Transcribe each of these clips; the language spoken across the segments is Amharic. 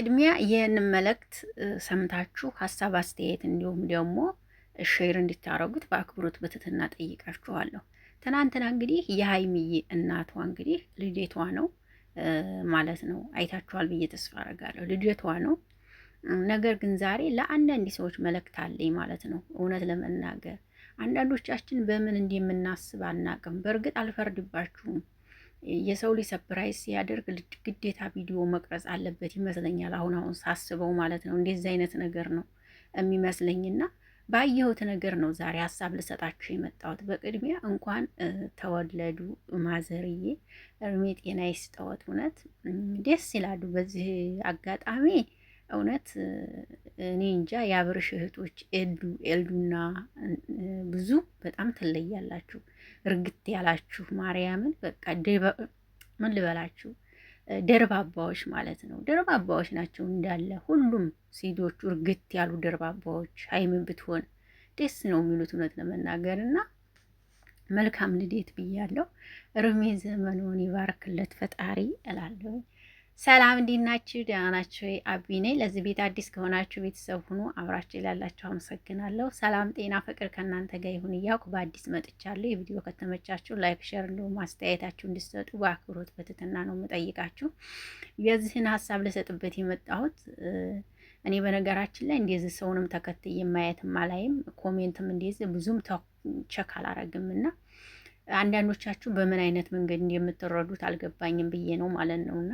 እድሜያ ይህንን መልእክት ሰምታችሁ ሀሳብ አስተያየት፣ እንዲሁም ደግሞ ሼር እንድታደረጉት በአክብሮት በትትና ጠይቃችኋለሁ። ትናንትና እንግዲህ የሀይሚዬ እናቷ እንግዲህ ልደቷ ነው ማለት ነው አይታችኋል ብዬ ተስፋ አደርጋለሁ። ልደቷ ነው። ነገር ግን ዛሬ ለአንዳንድ ሰዎች መልእክት አለኝ ማለት ነው። እውነት ለመናገር አንዳንዶቻችን በምን እንደምናስብ አናቅም። በእርግጥ አልፈርድባችሁም የሰው ልጅ ሰፕራይዝ ሲያደርግ ግዴታ ቪዲዮ መቅረጽ አለበት ይመስለኛል። አሁን አሁን ሳስበው ማለት ነው እንደዚህ አይነት ነገር ነው የሚመስለኝና ባየሁት ነገር ነው ዛሬ ሀሳብ ልሰጣችሁ የመጣሁት። በቅድሚያ እንኳን ተወለዱ ማዘርዬ፣ እድሜ ጤና ይስጠወት። እውነት ደስ ይላሉ። በዚህ አጋጣሚ እውነት እኔ እንጃ የአብርሽ እህቶች ኤልዱ ኤልዱና ብዙ በጣም ትለያላችሁ። እርግት ያላችሁ ማርያምን በቃ ምን ልበላችሁ ደርባባዎች ማለት ነው። ደርባባዎች ናቸው እንዳለ ሁሉም ሴቶቹ እርግት ያሉ ደርባባዎች። ሀይምን ብትሆን ደስ ነው የሚሉት እውነት ለመናገር እና መልካም ልደት ብያለሁ። እርሜ ዘመኑን ይባርክለት ፈጣሪ እላለሁ። ሰላም እንዴት ናችሁ? ደህና ናችሁ? አቢ ነኝ። ለዚህ ቤት አዲስ ከሆናችሁ ቤተሰብ ሁኑ። አብራችሁ ላላችሁ አመሰግናለሁ። ሰላም፣ ጤና፣ ፍቅር ከእናንተ ጋር ይሁን እያውቅ በአዲስ መጥቻለሁ። የቪዲዮ ከተመቻችሁ ላይክ፣ ሸር እንዲሁም አስተያየታችሁ እንድትሰጡ በአክብሮት በትህትና ነው የምጠይቃችሁ። የዚህን ሀሳብ ልሰጥበት የመጣሁት እኔ በነገራችን ላይ እንደዚህ ሰውንም ተከትዬ ማየትም አላይም፣ ኮሜንትም እንደዚህ ብዙም ቸክ አላረግም እና አንዳንዶቻችሁ በምን አይነት መንገድ እንደምትረዱት አልገባኝም ብዬ ነው ማለት ነውና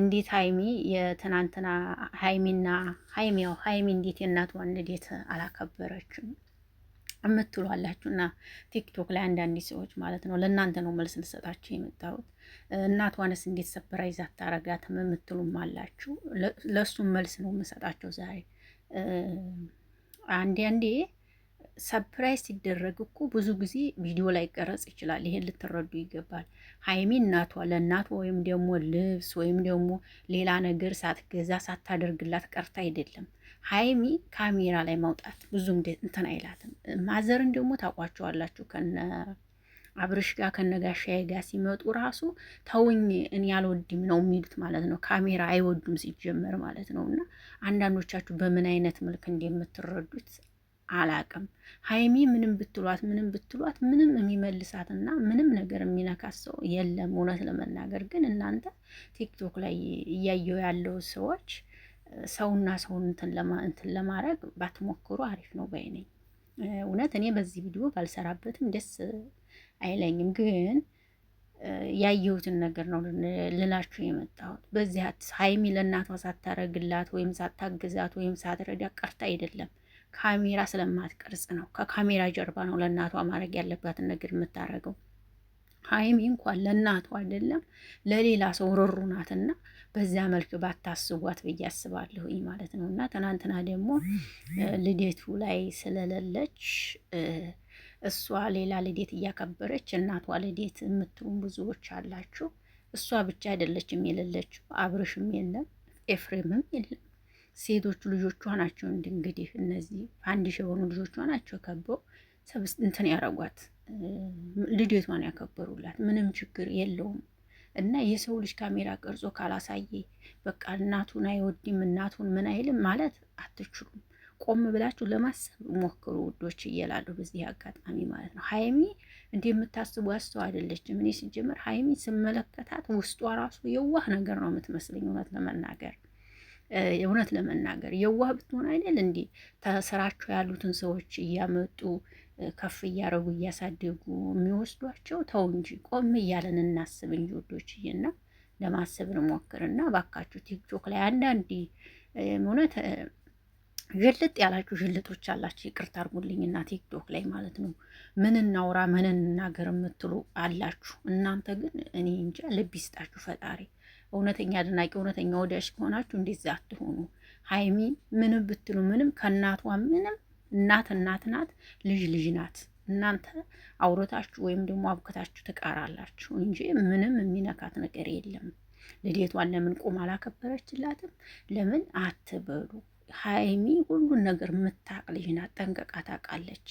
እንዴት ሀይሚ የትናንትና ሀይሚና ሀይሚያው ሀይሚ እንዴት የእናቷን ልደት አላከበረችም የምትሉ አላችሁና ቲክቶክ ላይ አንዳንድ ሰዎች ማለት ነው። ለእናንተ ነው መልስ ልሰጣችሁ የመጣሁት። እናቷንስ እንዴት ሰፕራይዝ አታረጋትም የምትሉም አላችሁ። ለእሱም መልስ ነው የምሰጣቸው ዛሬ አንዴ አንዴ ሰፕራይዝ ሲደረግ እኮ ብዙ ጊዜ ቪዲዮ ላይ ቀረጽ ይችላል። ይሄን ልትረዱ ይገባል። ሀይሚ እናቷ ለእናቷ ወይም ደግሞ ልብስ ወይም ደግሞ ሌላ ነገር ሳትገዛ ሳታደርግላት ቀርታ አይደለም። ሀይሚ ካሜራ ላይ ማውጣት ብዙም እንትን አይላትም። ማዘርን ደግሞ ታውቋቸዋላችሁ ከነ አብርሽ ጋር ከነጋሻዬ ጋር ሲመጡ ራሱ ተውኝ እኔ አልወድም ነው የሚሉት ማለት ነው። ካሜራ አይወዱም ሲጀመር ማለት ነው። እና አንዳንዶቻችሁ በምን አይነት መልክ እንደምትረዱት አላቅም። ሀይሚ ምንም ብትሏት ምንም ብትሏት ምንም የሚመልሳትና ምንም ነገር የሚነካት ሰው የለም። እውነት ለመናገር ግን እናንተ ቲክቶክ ላይ እያየው ያለው ሰዎች ሰውና ሰውን እንትን ለማድረግ ባትሞክሩ አሪፍ ነው ባይ ነኝ። እውነት እኔ በዚህ ቪዲዮ ባልሰራበትም ደስ አይለኝም ግን ያየሁትን ነገር ነው ልላችሁ የመጣሁት። በዚህ ሀይሚ ለእናቷ ሳታረግላት ወይም ሳታግዛት ወይም ሳትረዳ ቀርታ አይደለም ካሜራ ስለማትቀርጽ ነው። ከካሜራ ጀርባ ነው ለእናቷ ማድረግ ያለባትን ነገር የምታደርገው። ሀይሚ እንኳን ለእናቷ አይደለም ለሌላ ሰው ርሩ ናትና በዛ መልክ ባታስቧት ብዬ አስባለሁ ማለት ነው። እና ትናንትና ደግሞ ልደቱ ላይ ስለሌለች እሷ ሌላ ልደት እያከበረች እናቷ ልደት የምትሉም ብዙዎች አላችሁ። እሷ ብቻ አይደለችም የሌለችው፣ አብርሽም የለም ኤፍሬምም የለም። ሴቶቹ ልጆቿ ናቸው። እንግዲህ እነዚህ ሺ የሆኑ ልጆቿ ናቸው ከበው እንትን ያረጓት ልደቷን ያከበሩላት። ምንም ችግር የለውም። እና የሰው ልጅ ካሜራ ቀርጾ ካላሳየ በቃ እናቱን አይወድም እናቱን ምን አይልም ማለት አትችሉም። ቆም ብላችሁ ለማሰብ ሞክሩ ውዶች እየላሉ በዚህ አጋጣሚ ማለት ነው። ሀይሚ እንዲህ የምታስቡ ያስተው አይደለችም። እኔ ሲጀምር ሀይሚ ስመለከታት ውስጧ ራሱ የዋህ ነገር ነው የምትመስለኝ እውነት ለመናገር እውነት ለመናገር የዋህ ብትሆን አይደል እንዴ ተስራቸው ያሉትን ሰዎች እያመጡ ከፍ እያደረጉ እያሳደጉ የሚወስዷቸው። ተው እንጂ ቆም እያለን እናስብ እንጂ እና ለማሰብ እንሞክር እና ባካችሁ ቲክቶክ ላይ አንዳንዴ እውነት ዥልጥ ያላችሁ ዥልጦች አላችሁ። ይቅርታ እና ቲክቶክ ላይ ማለት ነው ምን እናውራ ምን እንናገር የምትሉ አላችሁ። እናንተ ግን እኔ እንጃ ልብ ይስጣችሁ ፈጣሪ። እውነተኛ አድናቂ እውነተኛ ወዳጅ ከሆናችሁ እንደዛ አትሆኑ። ሀይሚ ምንም ብትሉ ምንም ከእናቷ ምንም እናት እናት ናት፣ ልጅ ልጅ ናት። እናንተ አውረታችሁ ወይም ደግሞ አብከታችሁ ትቃራላችሁ እንጂ ምንም የሚነካት ነገር የለም። ልደቷን ለምን ቁም አላከበረችላትም? ለምን አትበሉ። ሀይሚ ሁሉን ነገር የምታቅ ልጅ ናት፣ ጠንቀቃ ታውቃለች።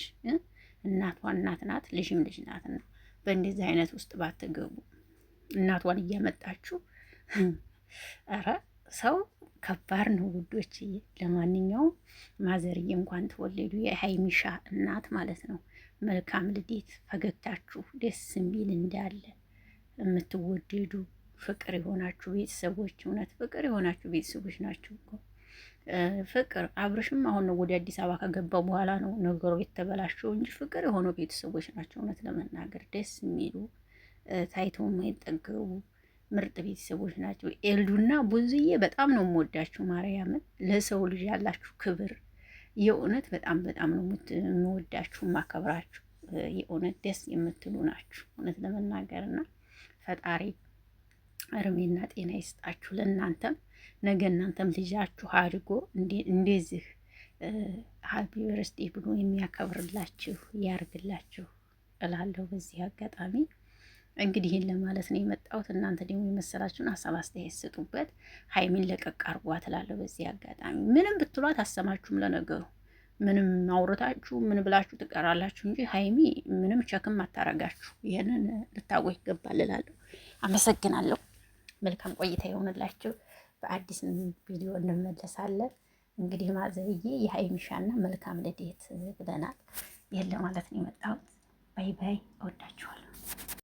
እናቷ እናት ናት፣ ልጅም ልጅ ናትና በእንደዚህ አይነት ውስጥ ባትገቡ እናቷን እያመጣችሁ ኧረ ሰው ከባድ ነው ውዶች። ለማንኛውም ማዘርዬ እንኳን ተወለዱ የሀይሚሻ እናት ማለት ነው። መልካም ልዴት፣ ፈገግታችሁ ደስ የሚል እንዳለ የምትወደዱ ፍቅር የሆናችሁ ቤተሰቦች፣ እውነት ፍቅር የሆናችሁ ቤተሰቦች ናችሁ እኮ ፍቅር አብርሽም አሁን ነው ወደ አዲስ አበባ ከገባ በኋላ ነው ነገሩ የተበላሸው እንጂ ፍቅር የሆኑ ቤተሰቦች ናቸው። እውነት ለመናገር ደስ የሚሉ ታይተው የማይጠገቡ ምርጥ ቤተሰቦች ናቸው። ኤልዱና ቡዙዬ በጣም ነው የምወዳችሁ። ማርያምን ለሰው ልጅ ያላችሁ ክብር የእውነት በጣም በጣም ነው የምወዳችሁ ማከብራችሁ። የእውነት ደስ የምትሉ ናችሁ እውነት ለመናገር ፈጣሪ እርሜና ጤና ይስጣችሁ ለእናንተም ነገ እናንተም ልጃችሁ አድጎ እንደዚህ ሀፒ በርስቴ ብሎ የሚያከብርላችሁ ያርግላችሁ እላለሁ በዚህ አጋጣሚ እንግዲህ ይህን ለማለት ነው የመጣሁት። እናንተ ደግሞ የመሰላችሁን ሀሳብ አስተያየት ስጡበት። ሀይሚን ለቀቅ አድርጓት እላለሁ በዚህ አጋጣሚ። ምንም ብትሏት አሰማችሁም። ለነገሩ ምንም አውርታችሁ ምን ብላችሁ ትቀራላችሁ እንጂ ሀይሚ ምንም ቸክም አታረጋችሁ። ይህንን ልታውቁ ይገባል እላለሁ። አመሰግናለሁ። መልካም ቆይታ የሆንላችሁ። በአዲስ ቪዲዮ እንመለሳለን። እንግዲህ ማዘብዬ የሀይሚሻና መልካም ልደት ብለናል። ይህን ለማለት ነው የመጣሁት። ባይ ባይ። እወዳችኋለሁ።